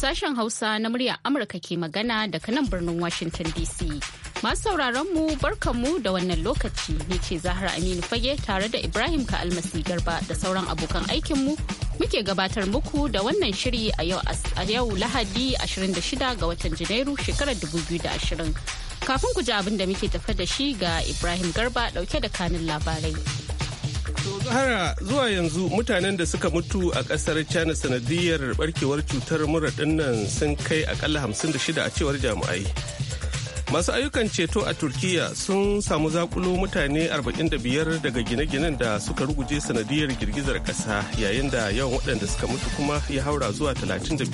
Sashen Hausa na muryar Amurka ke magana daga nan birnin Washington DC. Masu sauraron mu barkanmu da wannan lokaci ne ce Zahra Aminu Fage tare da Ibrahim Ka'almasi Garba da sauran abokan aikinmu muke gabatar muku da wannan shiri a yau Lahadi 26 ga watan Janairu shekarar 2020. Kafin ku ji abin da muke tafa da shi ga Ibrahim Garba dauke da kanin labarai. Zahara zuwa yanzu mutanen da suka mutu a kasar China sanadiyar barkewar cutar mura nan sun kai akalla 56 a cewar jami'ai. Masu ayyukan ceto a Turkiyya sun samu zakulo mutane 45 daga gine-ginen da suka ruguje sanadiyar girgizar kasa yayin da yawan waɗanda suka mutu kuma ya haura zuwa 35.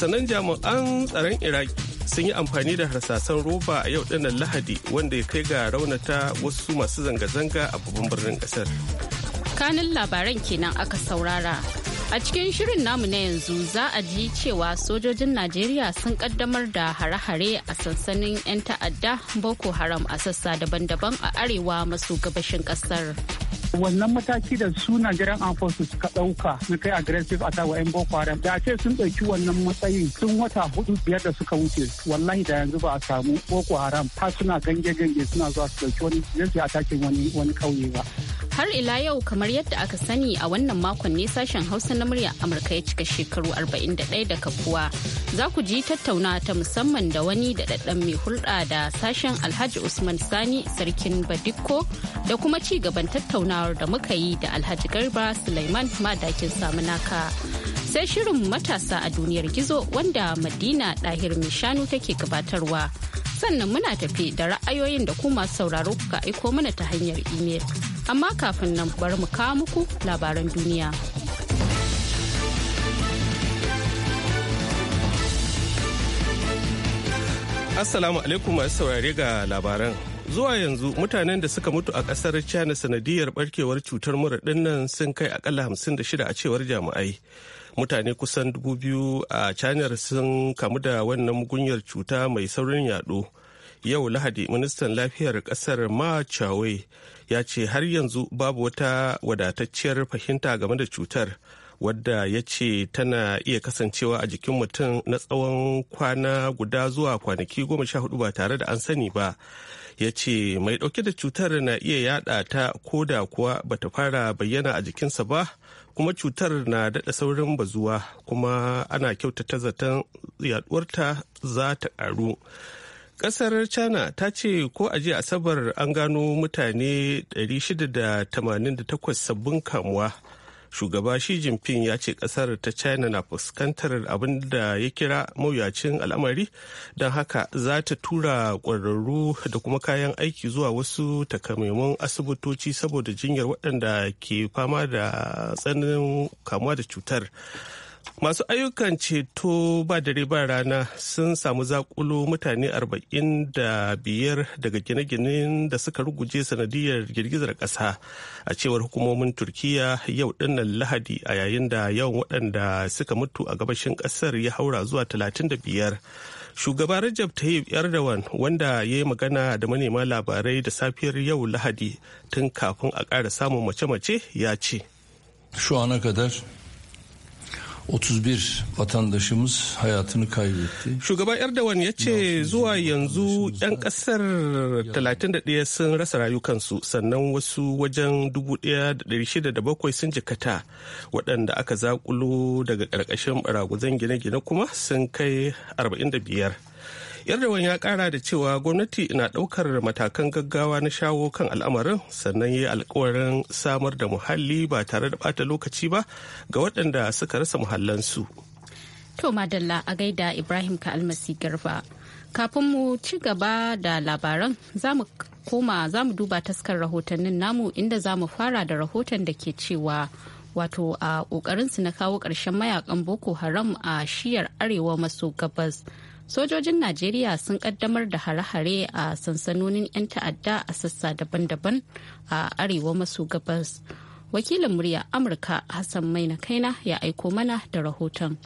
Sannan jami'an tsaron Iraki sun yi amfani da harsasan roba a yau dinnan lahadi wanda ya kai ga raunata wasu masu zanga-zanga a babban birnin kasar kanin labaran kenan aka saurara a cikin shirin namu na yanzu za a ji cewa sojojin najeriya sun kaddamar da hare-hare a sansanin 'yan ta'adda boko haram a sassa daban-daban a arewa maso gabashin kasar. wannan mataki da su Nigerian Armed Forces suka ɗauka na kai aggressive attack wa 'yan Boko Haram da ce sun ɗauki wannan matsayin tun wata hudu biyar da suka wuce wallahi da yanzu ba a samu Boko Haram ta suna gange-gange suna zuwa su ɗauki wani zai a wani wani kauye ba. Har ila yau kamar yadda aka sani a wannan makon ne sashen Hausa na murya Amurka ya cika shekaru 41 da kafuwa. Za ku ji tattauna ta musamman da wani da ɗaɗɗan mai hulɗa da sashen Alhaji Usman Sani Sarkin Badikko da kuma ci gaban tattaunawar da muka yi da Alhaji Garba Sulaiman Madakin Samunaka. Sai shirin matasa a duniyar gizo wanda Madina Ɗahir shanu take gabatarwa. Sannan muna tafi da ra'ayoyin da kuma sauraro kuka aiko mana ta hanyar imel. amma kafin nan bari mu kawo muku labaran duniya. Assalamu alaikum masu saurare ga labaran. Zuwa yanzu mutanen da suka mutu a kasar China sanadiyar barkewar cutar mura nan sun kai akalla 56 a cewar jami'ai. Mutane kusan dubu biyu a China sun kamu da wannan mugunyar cuta mai saurin yaɗo. Yau Lahadi ministan lafiyar kasar Ma Chawai ya ce har yanzu babu wata wadatacciyar fahimta game da cutar wadda ya ce tana iya kasancewa a jikin mutum na tsawon kwana guda zuwa kwanaki goma sha hudu ba tare da an sani ba ya ce mai dauke da cutar na iya yada ta ko da kuwa bata fara bayyana a jikinsa ba kuma cutar na daɗa saurin bazuwa kuma ana kyautata zaton yaduwarta za ta ƙaru kasar China ta ce ko a jiya Asabar an gano mutane 688 sabbin kamuwa. Shugaba Xi Jinping ya ce kasar ta China na fuskantar abin da ya kira mawuyacin al'amari don haka za ta tura kwararru da kuma kayan aiki zuwa wasu takamaiman asibitoci saboda jinyar waɗanda ke fama da tsananin kamuwa da cutar. masu ayyukan ceto ba dare ba rana sun samu zakulo mutane arba'in da biyar daga gine-ginen da suka ruguje sanadiyar girgizar ƙasa a cewar hukumomin turkiya yau dinnan lahadi a yayin da yawan waɗanda suka mutu a gabashin ƙasar ya haura zuwa talatin da biyar. shugaba Rajab Tayyip Erdogan wanda ya yi magana da manema labarai da safiyar yau Lahadi tun kafin a ƙara samun mace-mace ya ce. ana 31 vatandaşımız hayatını kaybetti. Shugaba Erdogan ya ce zuwa yanzu 'yan kasar 31 sun rasa rayukansu sannan wasu wajen 1,607 sun jikata waɗanda aka zakulo daga ƙarƙashin baraguzan gine-gine kuma sun kai 45. yardawan ya kara da cewa gwamnati na daukar matakan gaggawa na shawo kan al'amarin sannan ya yi alkawarin samar da muhalli ba tare da bata lokaci ba ga waɗanda suka rasa muhallansu. to madalla a gaida ibrahim ka almasi garba kafin mu ci gaba da labaran za mu koma za mu duba taskar rahotannin namu inda za mu fara da rahoton da ke cewa wato a su na kawo ƙarshen mayakan boko haram a shiyar arewa maso gabas sojojin najeriya sun kaddamar da hare-hare a sansanonin 'yan ta'adda a sassa daban-daban a arewa maso gabas wakilin murya amurka hassan maina kaina ya aiko mana da rahoton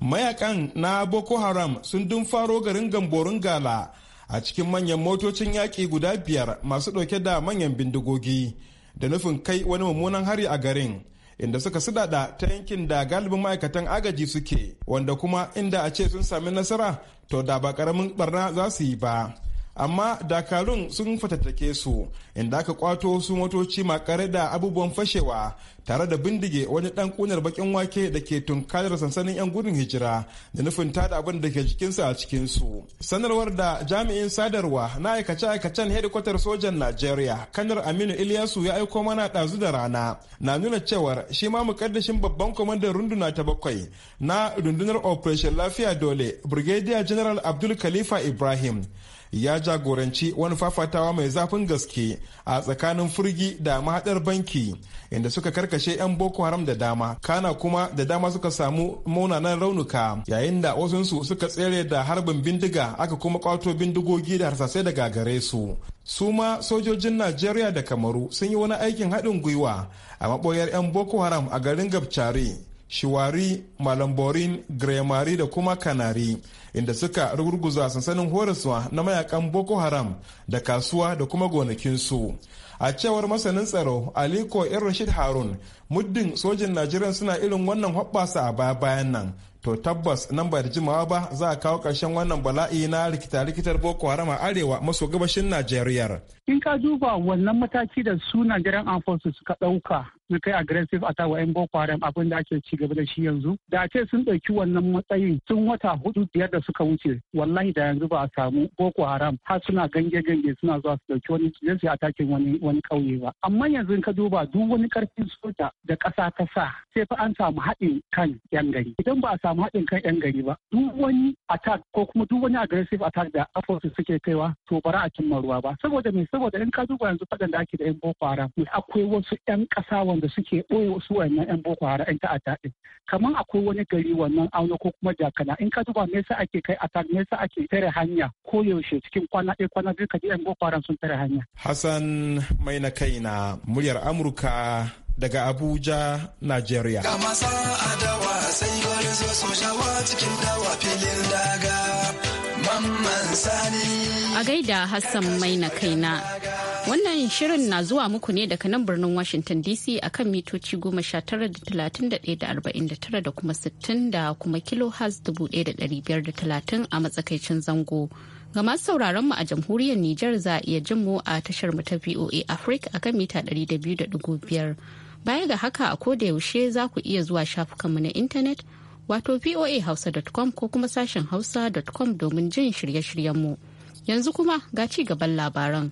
mayakan na boko haram sun dun faro garin gamborin gala a cikin manyan motocin yaƙi guda biyar masu ɗauke da manyan bindigogi da nufin kai wani mummunan hari a garin inda suka sudada ta yankin da galibin ma'aikatan agaji suke wanda kuma inda a ce sun sami nasara to da ba karamin barna za su yi ba amma dakarun sun fatattake su inda aka kwato su motoci makare da abubuwan fashewa tare da bindige wani dan kunar bakin wake da ke tunkarar sansanin 'yan gudun hijira da nufin tada abin da ke jikinsa a cikinsu. Sanarwar da jami'in sadarwa na aikace-aikacen hedikwatar sojan Najeriya, Kanar Aminu Ilyasu ya aiko mana ɗazu da rana, na nuna cewar shi ma mukaddashin babban kwamandan runduna ta bakwai na rundunar Operation Lafiya Dole, Brigadier General Abdul Khalifa Ibrahim. ya jagoranci wani fafatawa mai zafin gaske a tsakanin furgi da mahadar banki inda suka karka kashe 'yan boko haram da dama kana kuma da dama suka samu munanan raunuka yayin da wasunsu suka tsere da harbin bindiga aka kuma kwato bindigogi da harsasai daga gare su su ma sojojin najeriya da kamaru sun yi wani aikin haɗin gwiwa a maɓoyar 'yan boko haram a garin gabcari shiwari malamborin gremari da kuma kanari inda suka rugurguza sansanin horaswa na mayakan boko haram da kasuwa da kuma gonakinsu a cewar masanin tsaro aliko rashid harun muddin sojin najeriya suna irin wannan hoɓɓasa a baya bayan nan to tabbas nan ba da jimawa ba za a kawo ƙarshen wannan bala'i na rikita-rikitar boko haram a arewa maso gabashin najeriya in ka duba wannan mataki da su najeriyan an suka ɗauka na kai aggressive attack wa 'yan Boko Haram abin da ake ci gaba da shi yanzu. Da ce sun ɗauki wannan matsayin tun wata hudu biyar da suka wuce wallahi da yanzu ba a samu Boko Haram har suna gange-gange suna zuwa su ɗauki wani su je atakin wani wani ƙauye ba. Amma yanzu in ka duba duk wani ƙarfin soja da ƙasa ta sa sai fa an samu haɗin kan 'yan gari. Idan ba a samu haɗin kan 'yan gari ba duk wani attack ko kuma duk wani aggressive attack da afosu suke kaiwa to bara a cimma ruwa ba. Saboda me saboda in ka duba yanzu faɗan da ake da 'yan Boko Haram akwai wasu 'yan ƙasa yawan da suke ɓoye wasu wannan 'yan boko haram 'yan ta'adda ɗin kamar akwai wani gari wannan auna ko kuma jakana in ka duba me yasa ake kai attack me yasa ake tare hanya ko yaushe cikin kwana ɗaya kwana biyu ka ji 'yan boko haram sun tare hanya. Hassan mai na kaina muryar Amurka daga Abuja, Nigeria. Kama sa'a dawa sai bari zo sojawa cikin dawa filin daga. Mamman Sani. A gaida Hassan mai Maina kaina. Wannan shirin na zuwa muku ne daga nan birnin Washington DC akan mitoci goma sha tara da talatin da da arba'in kuma 60 da kuma kilo has dubu a matsakaicin zango. Ga masu sauraron mu a jamhuriyar Nijar za a iya jin mu a tashar mu ta VOA Africa akan mita ɗari da biyu da biyar. Baya ga haka a koda yaushe za ku iya zuwa shafukanmu na intanet wato voa voahausa.com ko kuma sashen hausa.com domin jin shirye-shiryenmu. Yanzu kuma ga ci gaban labaran.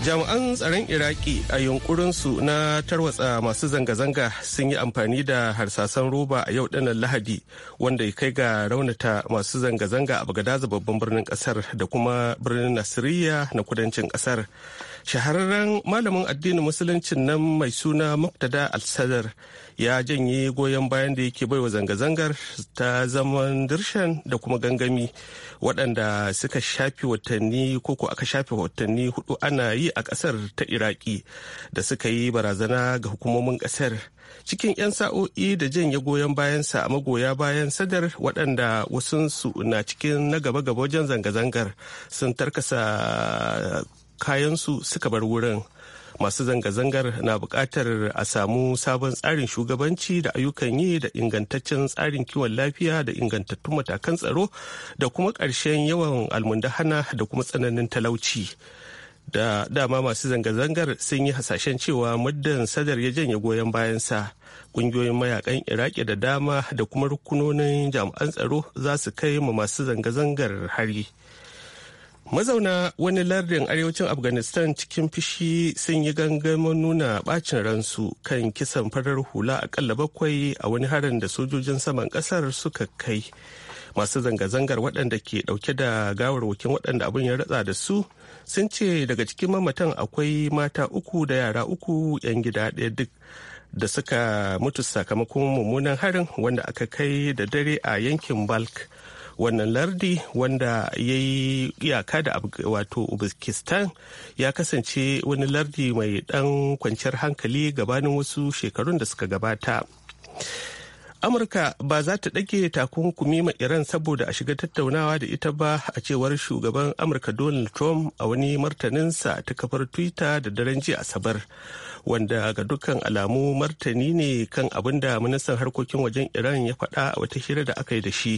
jami'an tsaron iraki a yunkurinsu na tarwatsa masu zanga-zanga sun yi amfani da harsasan roba a yau dinnan lahadi wanda ya kai ga raunata masu zanga-zanga a bagadaza babban birnin kasar da kuma birnin nasiriya na kudancin kasar shahararren malamin addinin musuluncin nan mai suna muktada al-sadar ya janye goyon bayan da yake baiwa zanga-zangar ta zaman dirshan da kuma gangami waɗanda suka shafi watanni ko ko aka shafe watanni hudu ana yi a ƙasar ta iraki da suka yi barazana ga hukumomin ƙasar cikin 'yan sa'o'i da janye goyon bayansa a magoya bayan sadar waɗanda wasunsu na cikin na gaba-gaba wajen zanga-zangar sun tarkasa kayansu suka bar wurin masu zanga-zangar na buƙatar a samu sabon tsarin shugabanci da ayyukan yi da ingantaccen tsarin kiwon lafiya da ingantattun matakan tsaro da kuma ƙarshen yawan almundahana da kuma tsananin talauci da dama masu zanga-zangar sun yi hasashen cewa muddin sadar ya janye goyon bayansa ƙungiyoyin mayakan iraki da dama da kuma rukunonin jami'an tsaro za su kai ma masu zanga-zangar hari. mazauna wani lardin arewacin afghanistan cikin fishi sun yi gangamin nuna bacin ransu kan kisan farar hula akalla bakwai a wani harin da sojojin saman kasar suka kai masu zanga-zangar waɗanda ke ɗauke da gawarwakin waɗanda abin ya ratsa da su sun ce daga cikin mamatan akwai mata uku da yara uku 'yan gida ɗaya duk da suka mutu sakamakon mummunan harin wanda aka kai da dare a yankin balk wannan lardi wanda ya yi iyaka da wato uzbekistan ya kasance wani lardi mai dan kwanciyar hankali gabanin wasu shekarun da suka gabata amurka ba za ta ɗage takunkumi ma iran saboda a shiga tattaunawa da ita ba a cewar shugaban amurka donald trump a wani martaninsa ta kafar twitter da daren jiya asabar wanda ga dukkan alamu martani ne kan abinda ministan harkokin wajen iran ya faɗa a wata hira da aka yi da shi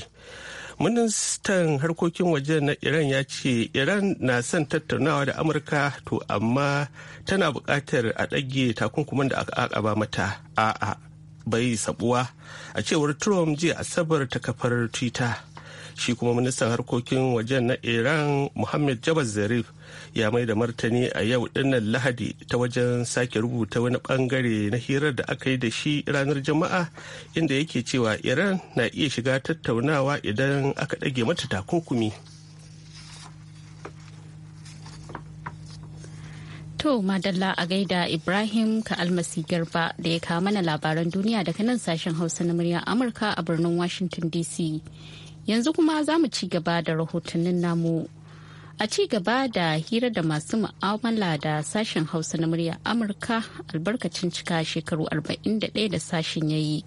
ministan harkokin waje na iran ya ce iran na son tattaunawa da amurka to amma tana buƙatar a ɗage takunkuman da aka akaba mata a'a bai sabuwa a cewar trump jiya asabar ta kafar twitter shi kuma ministan harkokin wajen na iran muhammad jabal zarif ya mai da martani a yau dinnan lahadi ta wajen sake rubuta wani bangare na hirar da aka yi da shi ranar jama'a inda yake cewa iran na iya shiga tattaunawa idan aka ɗage mata takunkumi To Madalla a gaida Ibrahim ka almasi garba da ya kawo mana labaran duniya daga nan sashen Hausa na murya Amurka a birnin Washington DC. Yanzu kuma za mu ci gaba da rahotannin namu. A ci gaba da hira da masu mu'amala da sashen Hausa na murya Amurka albarkacin cika shekaru 41 da sashen ya yi.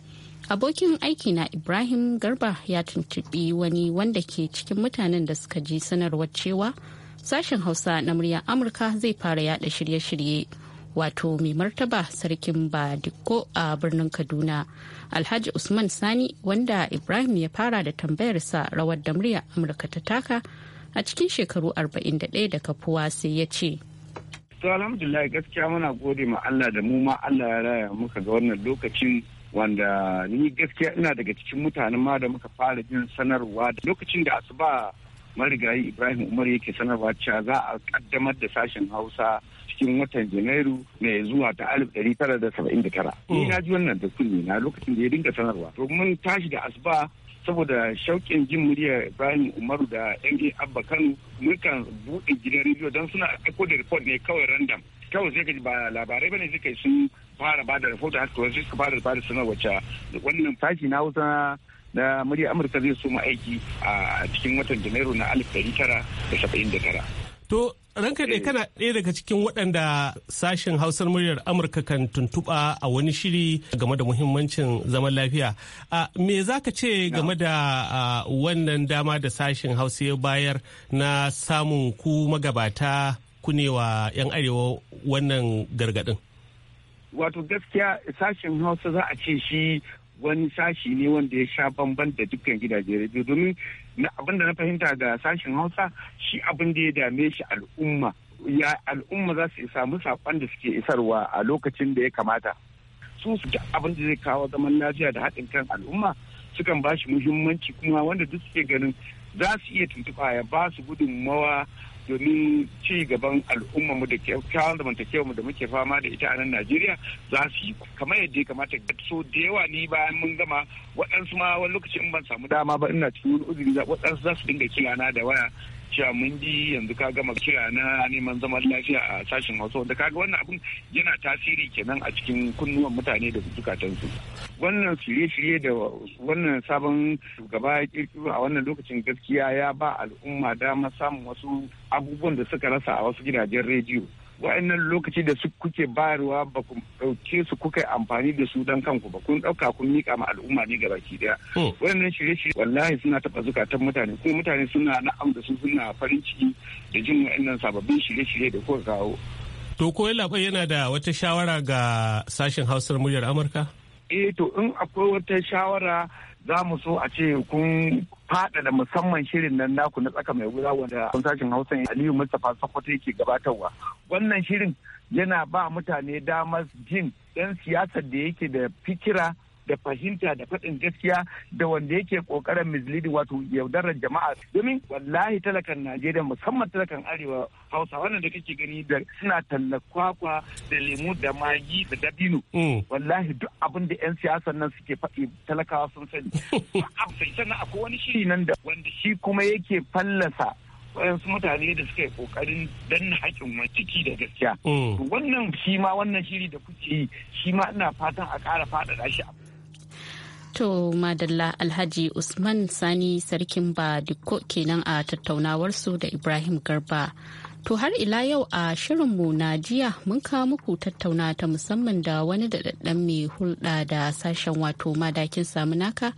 Abokin aiki na Ibrahim Garba ya tuntubi wani wanda ke cikin mutanen da suka ji sanarwar cewa sashen Hausa na murya Amurka zai fara yada shirye-shirye. wato mai martaba sarkin badiko a birnin kaduna alhaji usman sani wanda ibrahim ya fara da tambayarsa rawar da murya amurka ta taka a cikin shekaru 41 da kafuwa sai ya ce to alhamdulillah gaskiya muna gode ma allah da mu ma allah ya raya muka ga wannan lokacin wanda ni gaskiya ina daga cikin mutanen ma da muka fara jin sanarwa da lokacin da asuba marigayi ibrahim umar yake sanarwa cewa za a kaddamar da sashen hausa cikin watan janairu mai zuwa ta alif ɗari tara da saba'in da tara ni mm. na ji wannan da kunne na lokacin da ya dinga sanarwa to mun tashi da asuba saboda shauƙin jin muryar ibrahim umaru da yan abba kano kan buɗe gidan rediyo don suna aiko da report ne kawai random kawai sai ka ba labarai bane sai kai sun fara ba da report haka wasu suka fara ba da sanarwa wannan fashi na hausa na murya amurka zai soma aiki a cikin watan janairu na alif ɗari tara da saba'in da tara. to ranka dai kana ɗaya daga cikin waɗanda sashen hausar muryar amurka kan tuntuɓa a wani shiri game da muhimmancin zaman lafiya me za ka ce game da wannan dama da sashen hausa ya bayar na samun ku magabata kunewa 'yan arewa wannan gargaɗin wato gaskiya sashen hausa za a ce shi wani sashi ne wanda ya sha bamban da dukkan gidaje rediyo domin abin da na fahimta ga sashen hausa shi abin da ya dame shi al'umma ya al'umma za su samu saƙon da suke isarwa a lokacin da ya kamata su su abin da zai kawo zaman lafiya da haɗin kan al'umma sukan ba shi muhimmanci kuma wanda duk suke ganin za su iya tuntuɓa ya ba su gudunmawa domin ci gaban al'ummarmu da kyawun zamantakewarmu da muke fama da ita a nan Najeriya za su yi kamar yadda ya kamata so da yawa ni bayan mun gama waɗansu ma wani lokacin ban samu dama ba ina cikin wani uzuri waɗansu za su dinga kila na da waya cewa mun ji yanzu ka gama kira na neman zaman lafiya a sashen hausa wanda kaga wannan abun yana tasiri kenan a cikin kunnuwan mutane da zukatansu wannan shirye-shirye da wannan sabon shugaba ya kirkiro a wannan lokacin gaskiya ya ba al'umma dama samun wasu abubuwan da suka rasa a wasu gidajen rediyo wa'annan lokaci da su kuke bayarwa ba ku dauke su kuka yi amfani da su don kanku ba kun ɗauka kun mika ma al'umma ne ga baki daya hmm. wa'annan shirye-shirye wallahi suna taba zukatan mutane kuma mutane suna na'am da su suna farin ciki da jin wa'annan sababbin shirye-shirye da kuka kawo to ko yana da wata shawara ga sashen hausar muryar amurka E, to in akwai wata shawara za mu so a ce kun faɗaɗa musamman shirin nan naku na tsaka mai guda wanda sashen hausa ya aliyu mustapha sokoto yake gabatarwa wannan shirin yana ba mutane damar jin yan siyasar da yake da fikira da fahimta da faɗin gaskiya da wanda yake ƙoƙarin misleading wato yaudarar jama'a domin wallahi talakan Najeriya musamman talakan Arewa Hausa wannan da kake gani da suna tallar kwakwa da lemu da magi da dabino mm. wallahi duk abin da 'yan siyasan nan suke faɗi talakawa sun sani sannan akwai wani shiri nan da wanda shi kuma yake fallasa wayansu mutane da suka yi kokarin danna haƙƙin mai ciki da gaskiya. Mm. Wannan shi ma wannan shiri da kuke yi shi ma ina fatan a ƙara faɗaɗa shi a To Madalla Alhaji Usman Sani Sarkin ba kenan a tattaunawarsu da Ibrahim Garba. To har ila yau a shirin mu na jiya mun kawo muku tattauna ta musamman da wani daɗaɗɗen mai hulɗa da sashen wato madakin samunaka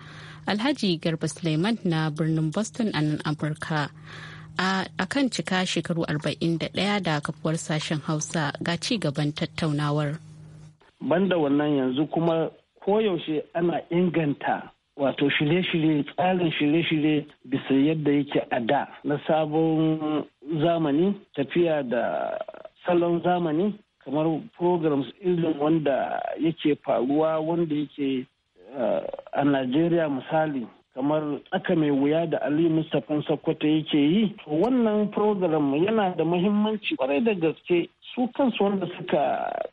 Alhaji Garba Suleiman na birnin Boston a nan Amurka. A kan cika shekaru 41 da kafuwar sashen Hausa ga ci gaban tattaunawar. Banda wannan yanzu kuma koyaushe ana inganta wato shirye-shirye tsarin shirye-shirye bisa yadda yake a da na sabon zamani tafiya da salon zamani kamar programs irin wanda yake faruwa wanda yake eh, a Najeriya misali kamar tsaka mai wuya da Ali Mustapha Sokoto yake yi wannan program yana da muhimmanci kwarai da gaske su kansu wanda suka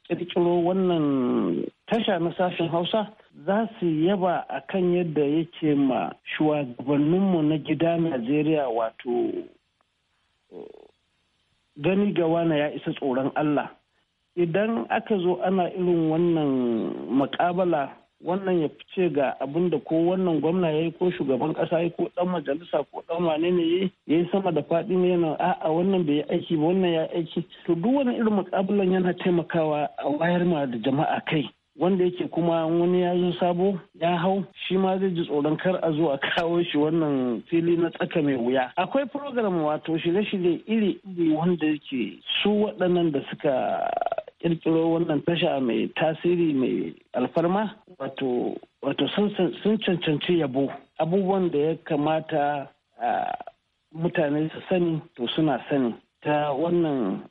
kirkiro wannan tasha na sashen hausa za su yaba a kan yadda yake ma shugabanninmu na gida najeriya wato gani ga wana ya isa tsoron allah idan aka zo ana irin wannan makabala wannan ya fice ga abin da ko wannan gwamna ya yi ko shugaban kasa ya ko dan majalisa ko dan wane ne ya yi sama da faɗi ne yana a'a wannan bai yi aiki ba wannan ya aiki to duk wani irin mukabulan yana taimakawa a wayar ma da jama'a kai wanda yake kuma wani ya zo sabo ya hau shi ma zai ji tsoron kar a zo a kawo shi wannan fili na tsaka mai wuya akwai program wato shirye-shirye iri-iri wanda yake su waɗannan da suka kirkiro wannan tasha mai tasiri mai alfarma wato sun cancanci yabo abubuwan da ya kamata mutane su sani to suna sani ta wannan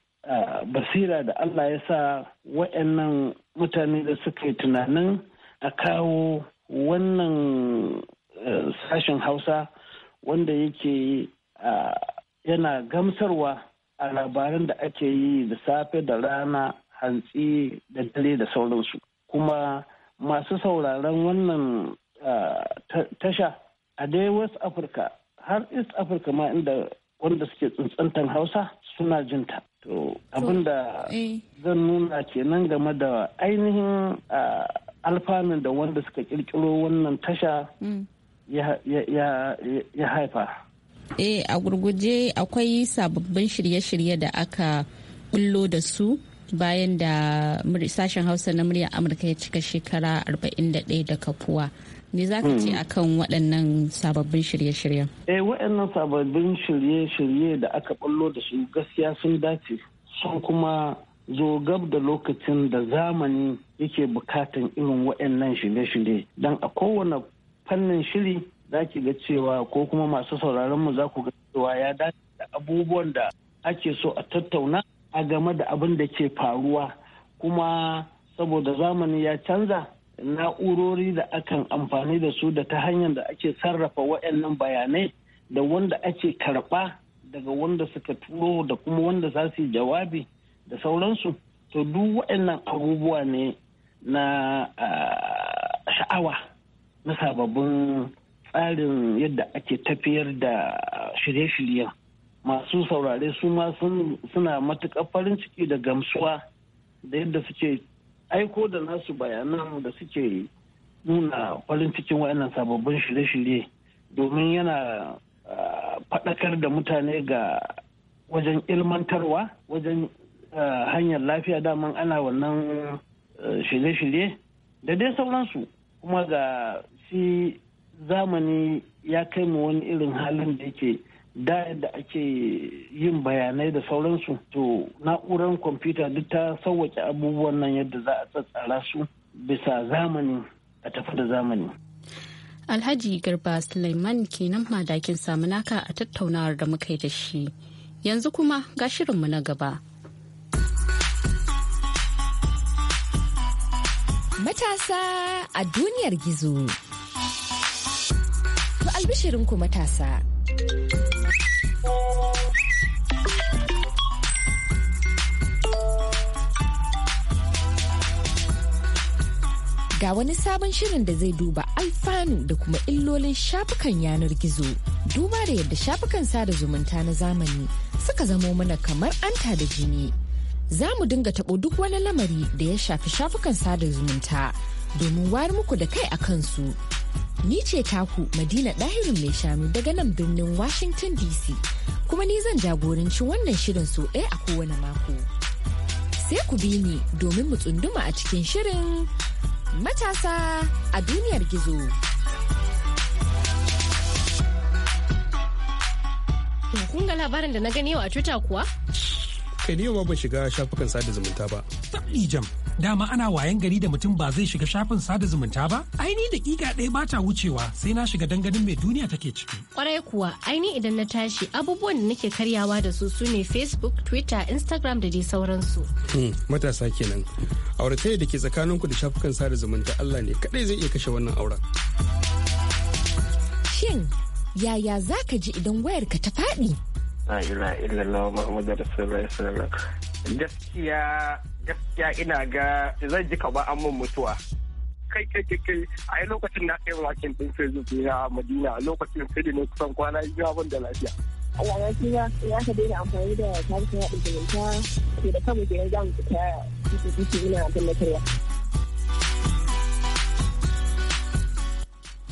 basira da allah ya sa wa'annan mutane da suka yi tunanin a kawo wannan sashen hausa wanda yake yana gamsarwa a labaran da ake yi da safe da rana hantsi da dare da sauransu kuma masu sauraron wannan ah, tasha a dai west africa har east africa ma inda wanda suke tsuntsantan hausa suna jinta to abinda eh. zan nuna kenan game da ainihin ah, alfanun da wanda suka kirkiro wannan tasha mm. ya haifa eh a gurguje akwai sababbin shirye-shirye da aka bullo da su bayan da sashen hausa na muryar amurka ya cika shekara 41 da kafuwa ne za ka ce hmm. kan waɗannan sababbin shirye-shiryen eh waɗannan sababbin shirye-shirye da aka ɓallo da su gaskiya sun dace sun kuma zo gab da lokacin da zamani yake bukatan irin waɗannan shirye-shirye don a kowane fannin shiri za ki ga cewa ko kuma masu sauraron mu za ku ga cewa ya dace da abubuwan da ake so a tattauna a game da abin da ke faruwa kuma saboda zamani ya canza na'urori da akan amfani da su da ta hanyar da ake sarrafa waɗannan bayanai da wanda ake karɓa daga wanda suka turo da kuma wanda za su yi jawabi da sauransu to duk waɗannan abubuwa ne na sha'awa na sababbin tsarin yadda ake tafiyar da shirye-shiryen masu saurare su ma suna matuƙar farin ciki da gamsuwa da yadda suke aiko da nasu bayanan da suke nuna farin cikin wayannan sababbin shirye-shirye domin yana faɗakar da mutane ga wajen ilmantarwa wajen hanyar lafiya daman ana wannan shirye-shirye da dai sauransu kuma ga shi zamani ya kai mu wani irin halin da yake da yadda ake yin bayanai da sauransu to na'urar kwamfuta duk ta sauwaƙe abubuwan nan yadda za a tsatsara su bisa zamani a tafi da zamani. Alhaji Garba Sulaiman kenan madakin samunaka a tattaunawar da muka yi da shi. Yanzu kuma ga shirinmu na gaba. Matasa a duniyar gizo. Ku albishirinku matasa. ga wani sabon shirin da zai duba alfanu da kuma illolin shafukan yanar gizo duba da yadda shafukan sada zumunta na zamani suka zamo mana kamar anta da jini za mu dinga taɓo duk wani lamari da ya shafi shafukan sada zumunta domin wari muku da kai a kansu ni ce taku madina ɗahirin mai shanu daga nan birnin washington dc kuma ni zan jagoranci wannan shirin so ɗaya a kowane mako sai ku bi ni domin mu tsunduma a cikin shirin Matasa a duniyar gizo. Kun ga labarin da na gani yau a Twitter kuwa? kai da ban shiga shafukan sada zumunta ba. Tabbi jam, dama ana wayan gari da mutum ba zai shiga shafin sada zumunta ba? Aini dakika ɗaya ba ta wucewa sai na shiga danganin mai duniya take ciki. Kwarai kuwa, aini idan na tashi abubuwan da nake karyawa da su su ne Facebook, Twitter, Instagram da dai sauransu. Hmm, matasa kenan. Auratayya da ke tsakaninku da shafukan sada zumunta Allah ne kaɗai zai iya kashe wannan auren. Shin, yaya za ka ji idan wayarka ta faɗi? la ila illallah muhammadu rasulullahi sallallahu gaskiya gaskiya ina ga zan ji kaba an mun mutuwa kai kai kai kai a yi lokacin na kai wakin din facebook na madina lokacin sai ne kusan kwana biyu abin da lafiya Allah ya ce ya ka daina amfani da tarihin yaɗa zumunta ke da kanmu kenan za mu fita su su ina tallatarwa.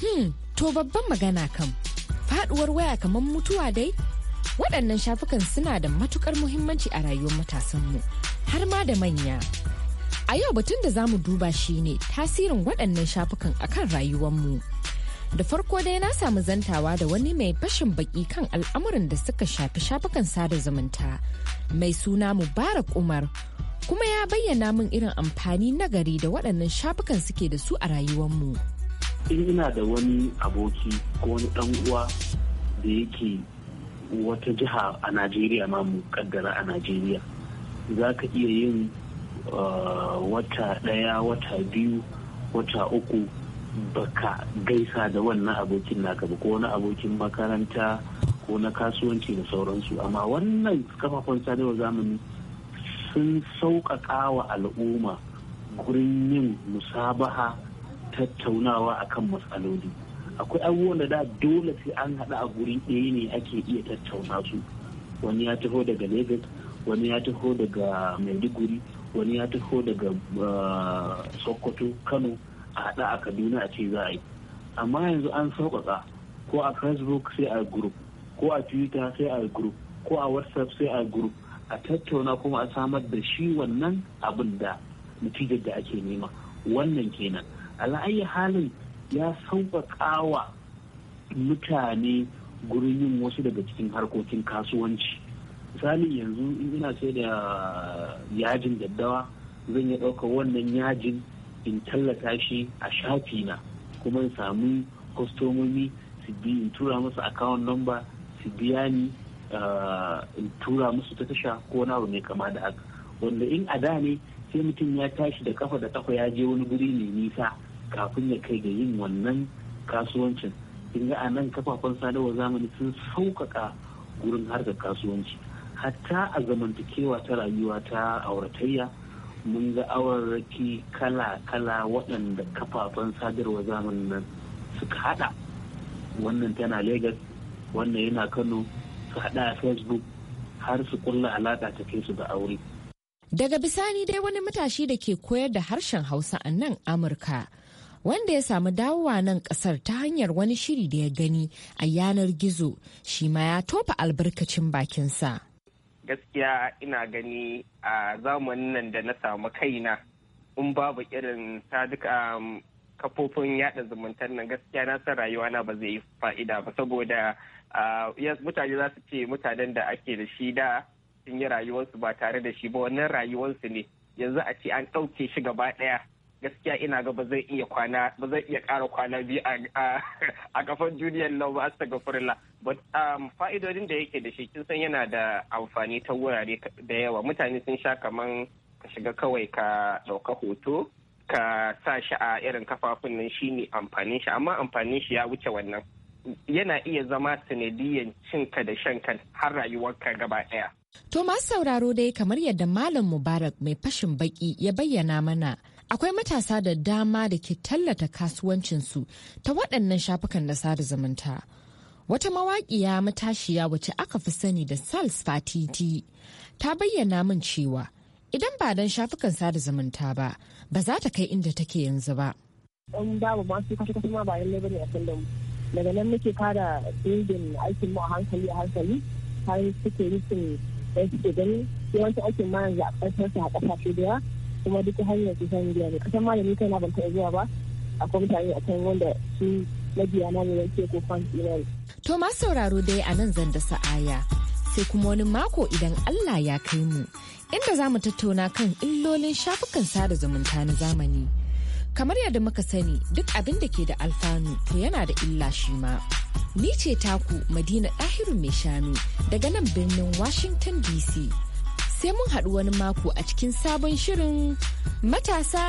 Hmm, to babban magana kam, faduwar waya kamar mutuwa dai waɗannan shafukan suna da matukar muhimmanci a rayuwar matasanmu har ma da manya a yau batun da zamu mu duba ne tasirin waɗannan shafukan akan mu. da farko dai na samu zantawa da wani mai fashin baki kan al'amuran da suka shafi shafukan sada zumunta mai suna mu mubarak umar kuma ya bayyana min irin amfani nagari da waɗannan shafukan suke da su a rayuwarmu. in ina da wani aboki ko wani ɗan uwa da yake wata jiha a najeriya ma mu kaddara a najeriya za ka iya yin uh, wata ɗaya wata biyu wata uku baka gaisa da wannan abokin naka ba ko wani abokin makaranta ko na kasuwanci da sauransu amma wannan kafafen sadarwar zamani sun sauƙaƙa wa al'umma gurin yin musabaha tattaunawa akan matsaloli akwai abubuwan da da dole sai an haɗa a guri ɗaya ne ake iya tattauna su wani ya taho daga lagos wani ya taho daga maiduguri wani ya taho daga ah, sokoto kano a haɗa a kaduna a ce za a yi amma yanzu an sauƙaƙa ko a facebook sai a group ko a twitter sai a group ko a whatsapp sai a group a tattauna kuma a samar da shi wannan abin da natijar da ake nema wannan kenan ala'ayi halin ya sauƙaƙa wa mutane gurin yin wasu daga cikin harkokin kasuwanci misali yanzu in ina sai da yajin daddawa zan iya ɗauka wannan yajin in tallata shi a shafi na kuma in samu kwastomomi su bi in tura musu account number su biya ni eh, in tura musu ta tasha ko na abu mai kama da haka wanda in a da ne sai mutum ya tashi da kafa da kafa ya je wani guri mai nisa kafin ya kai ga yin wannan kasuwancin kin ga anan kafafen sadarwar zamani sun sauƙaƙa gurin harkar kasuwanci hatta a zamantakewa ta rayuwa ta auratayya mun ga awarraki kala-kala waɗanda kafafen sadarwar zamani nan suka haɗa wannan tana lagos wannan yana kano su haɗa a facebook har su kulla alaƙa ta kai su da aure daga bisani dai wani matashi da ke koyar da harshen hausa a nan amurka wanda ya samu dawowa nan kasar ta hanyar wani shiri da ya gani a yanar gizo shi ma ya tofa albarkacin bakinsa. Gaskiya ina gani a zamanin nan da na samu kaina in babu irin saduka um, kafofin yada zumuntar nan gaskiya na san rayuwa na ba zai yi fa'ida ba saboda mutane za su ce mutanen da ake da shi da sun yi rayuwarsu ba tare da shi ba wannan rayuwarsu ne yanzu a ce an ɗauke shi gaba ɗaya gaskiya ina ga ba zai iya kwana ba zai iya ƙara kwana biyu a kafar duniyar nan ba asta gafurla but um, fa'idodin da yake da shi kin san yana da amfani ta wurare da yawa mutane sun sha kaman ka shiga kawai ka ɗauka hoto ka sa shi a irin kafafun nan shine amfanin shi amma amfanin shi ya wuce wannan yana iya zama sanadiyan cinka da shan kan har rayuwar ka gaba ɗaya. To masu sauraro dai kamar yadda Malam Mubarak mai fashin baki ya bayyana mana Akwai matasa da dama da ke tallata kasuwancinsu ta waɗannan shafukan na sada zumunta. Wata mawaƙiya matashiya wacce aka fi sani da Sals Fatiti ta bayyana min cewa idan ba don shafukan sada zumunta ba, ba za ta kai inda take yanzu ba. In babu masu kashe-kashe ma ba a kullum. Daga nan muke fara building aikin a hankali a hankali har suke rufin da suke gani yawancin aikin ma yanzu a ƙasar a ƙasashe da yawa kuma duk hanyar san biya ne kasan malami kai na ban taɓa zuwa ba akwai mutane a can wanda su mabiya na ne ko fans ina ne. to ma sauraro dai a nan zan da sa'aya sai kuma wani mako idan Allah ya kai mu inda za mu tattauna kan illolin shafukan sada zumunta na zamani. Kamar yadda muka sani duk abin da ke da alfanu to yana da illa shi ma. Ni ce taku Madina Ɗahiru mai shanu daga nan birnin Washington DC. sai mun haɗu wani mako a cikin sabon shirin matasa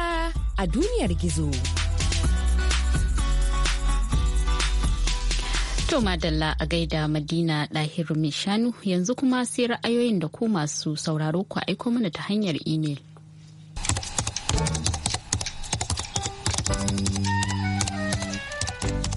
a duniyar gizo. To Madalla a gaida Madina ɗahir mishanu yanzu kuma sai ra'ayoyin da ku masu sauraro ku aiko mana ta hanyar imel.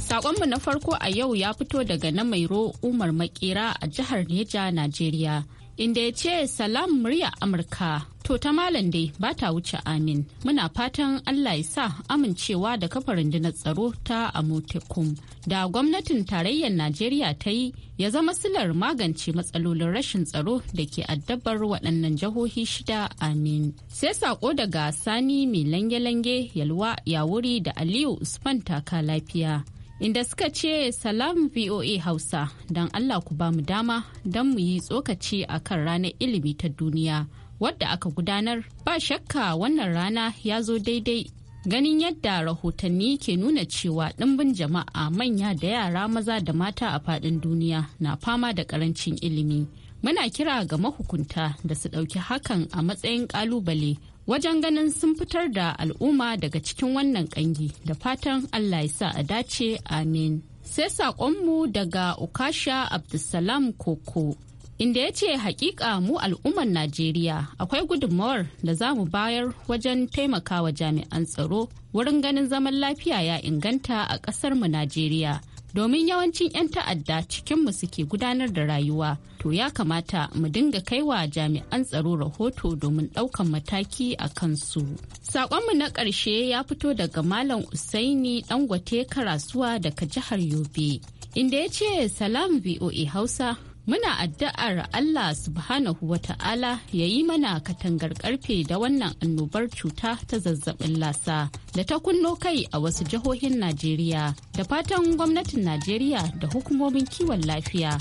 saƙonmu na farko a yau ya fito daga na Mairo Umar Makera a jihar Neja, Najeriya. inda ya ce salam murya amurka to ta malam dai ba ta wuce amin muna fatan allah ya sa amincewa da kafa rundunar tsaro ta amotekum da gwamnatin tarayyar najeriya ta yi ya zama silar magance matsalolin rashin tsaro da ke addabar waɗannan jihohi shida amin sai sako daga sani mai lange-lange yalwa ya wuri da aliyu usman taka lafiya inda suka ce salam voa hausa don allah ku ba mu dama don mu yi tsokaci a kan ranar ilimi ta duniya wadda aka gudanar ba shakka wannan rana ya zo daidai ganin yadda rahotanni ke nuna cewa ɗimbin jama'a manya da yara maza da mata a faɗin duniya na fama da ƙarancin ilimi muna kira ga mahukunta da su ɗauki hakan a matsayin ƙalubale wajen ganin sun fitar da al'umma daga cikin wannan kangi da fatan allah ya sa a dace amin sai saƙonmu daga ukasha abdulsalam koko inda ya ce hakika mu al'ummar najeriya akwai gudunmawar da za mu bayar wajen taimakawa jami'an tsaro wurin ganin zaman lafiya ya inganta a ƙasarmu najeriya domin yawancin 'yan ta'adda cikinmu suke gudanar da rayuwa to ya kamata mu dinga kaiwa jami'an tsaro rahoto domin ɗaukan mataki a kansu. Saƙonmu na ƙarshe ya fito daga Malam Usaini Ɗangote Karasuwa daga jihar Yobe. inda ya ce salam voa hausa muna addu'ar allah subhanahu wa ta'ala ya yi mana katangar karfe da wannan annobar cuta ta zazzabin lasa da ta kunno kai a wasu jihohin najeriya da fatan gwamnatin najeriya da hukumomin kiwon lafiya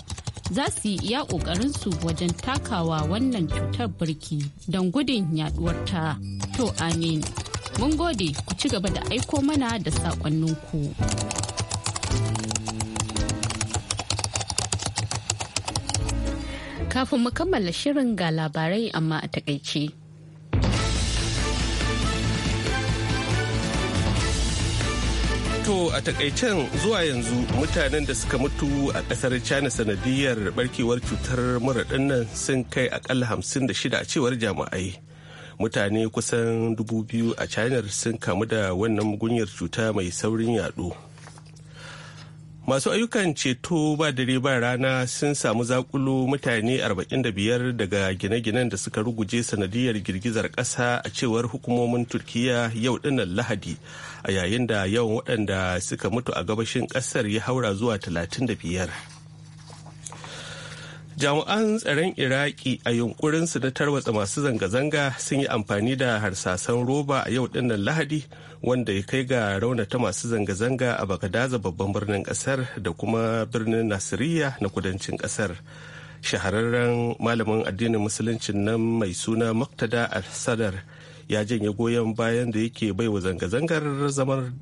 za su yi iya ƙoƙarinsu wajen takawa wannan cutar birki don gudun yaduwarta. To amin. Mun gode ku ci gaba da aiko mana da saƙonninku. Kafin mu kammala shirin ga labarai amma a takaice. To a takaicen zuwa yanzu mutanen da suka mutu a kasar China sanadiyar barkewar cutar mura nan sun kai akalla hamsin da shida a cewar jama'ai. Mutane kusan dubu biyu a China sun kamu da wannan mugunyar cuta mai saurin yaɗo. masu ayyukan ceto ba dare ba rana sun samu zakulu mutane 45 daga gine-ginen da suka ruguje sanadiyar girgizar ƙasa a cewar hukumomin turkiya yau dinnan lahadi a yayin da yawan waɗanda suka mutu a gabashin ƙasar ya haura zuwa 35 jami'an tsaron iraki a yunkurinsu na tarwatsa masu zanga-zanga sun yi amfani da harsasan roba a yau dinnan lahadi wanda ya kai ga raunata masu zanga-zanga a bagadaza babban birnin kasar da kuma birnin nasiriya na kudancin kasar shahararren malamin addinin musuluncin nan mai suna maktada al-sadar ya janye goyon bayan da yake baiwa zanga-zangar zamar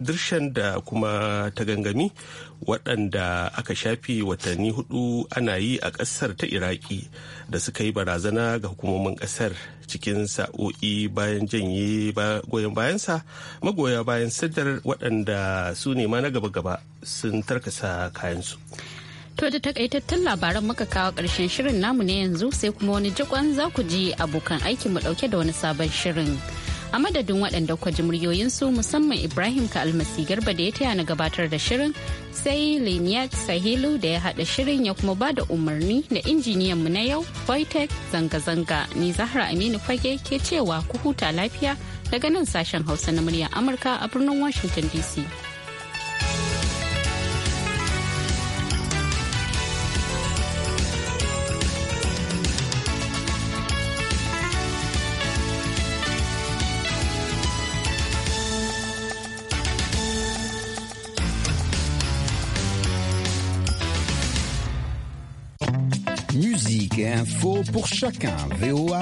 dirshan da kuma ta gangami waɗanda aka shafi watanni hudu ana yi a ƙasar ta iraki da suka yi barazana ga hukumomin ƙasar cikin sa'o'i bayan janye goyon bayansa magoya bayan sadar waɗanda su ne ma na gaba-gaba sun tarkasa kayansu. To da takaitattun labaran muka kawo ƙarshen shirin namu ne yanzu sai kuma wani jikon za ku ji abokan aikin mu ɗauke da wani sabon shirin. A madadin waɗanda kwa ji muryoyinsu musamman Ibrahim ka almasi garba da ya taya na gabatar da shirin sai Leniyat Sahilu da ya haɗa shirin ya kuma ba da umarni da injiniyan mu na yau Voitech zanga-zanga ni Zahra Aminu Fage ke cewa ku huta lafiya daga nan sashen Hausa na muryar Amurka a birnin Washington DC. Info pour chacun. VOA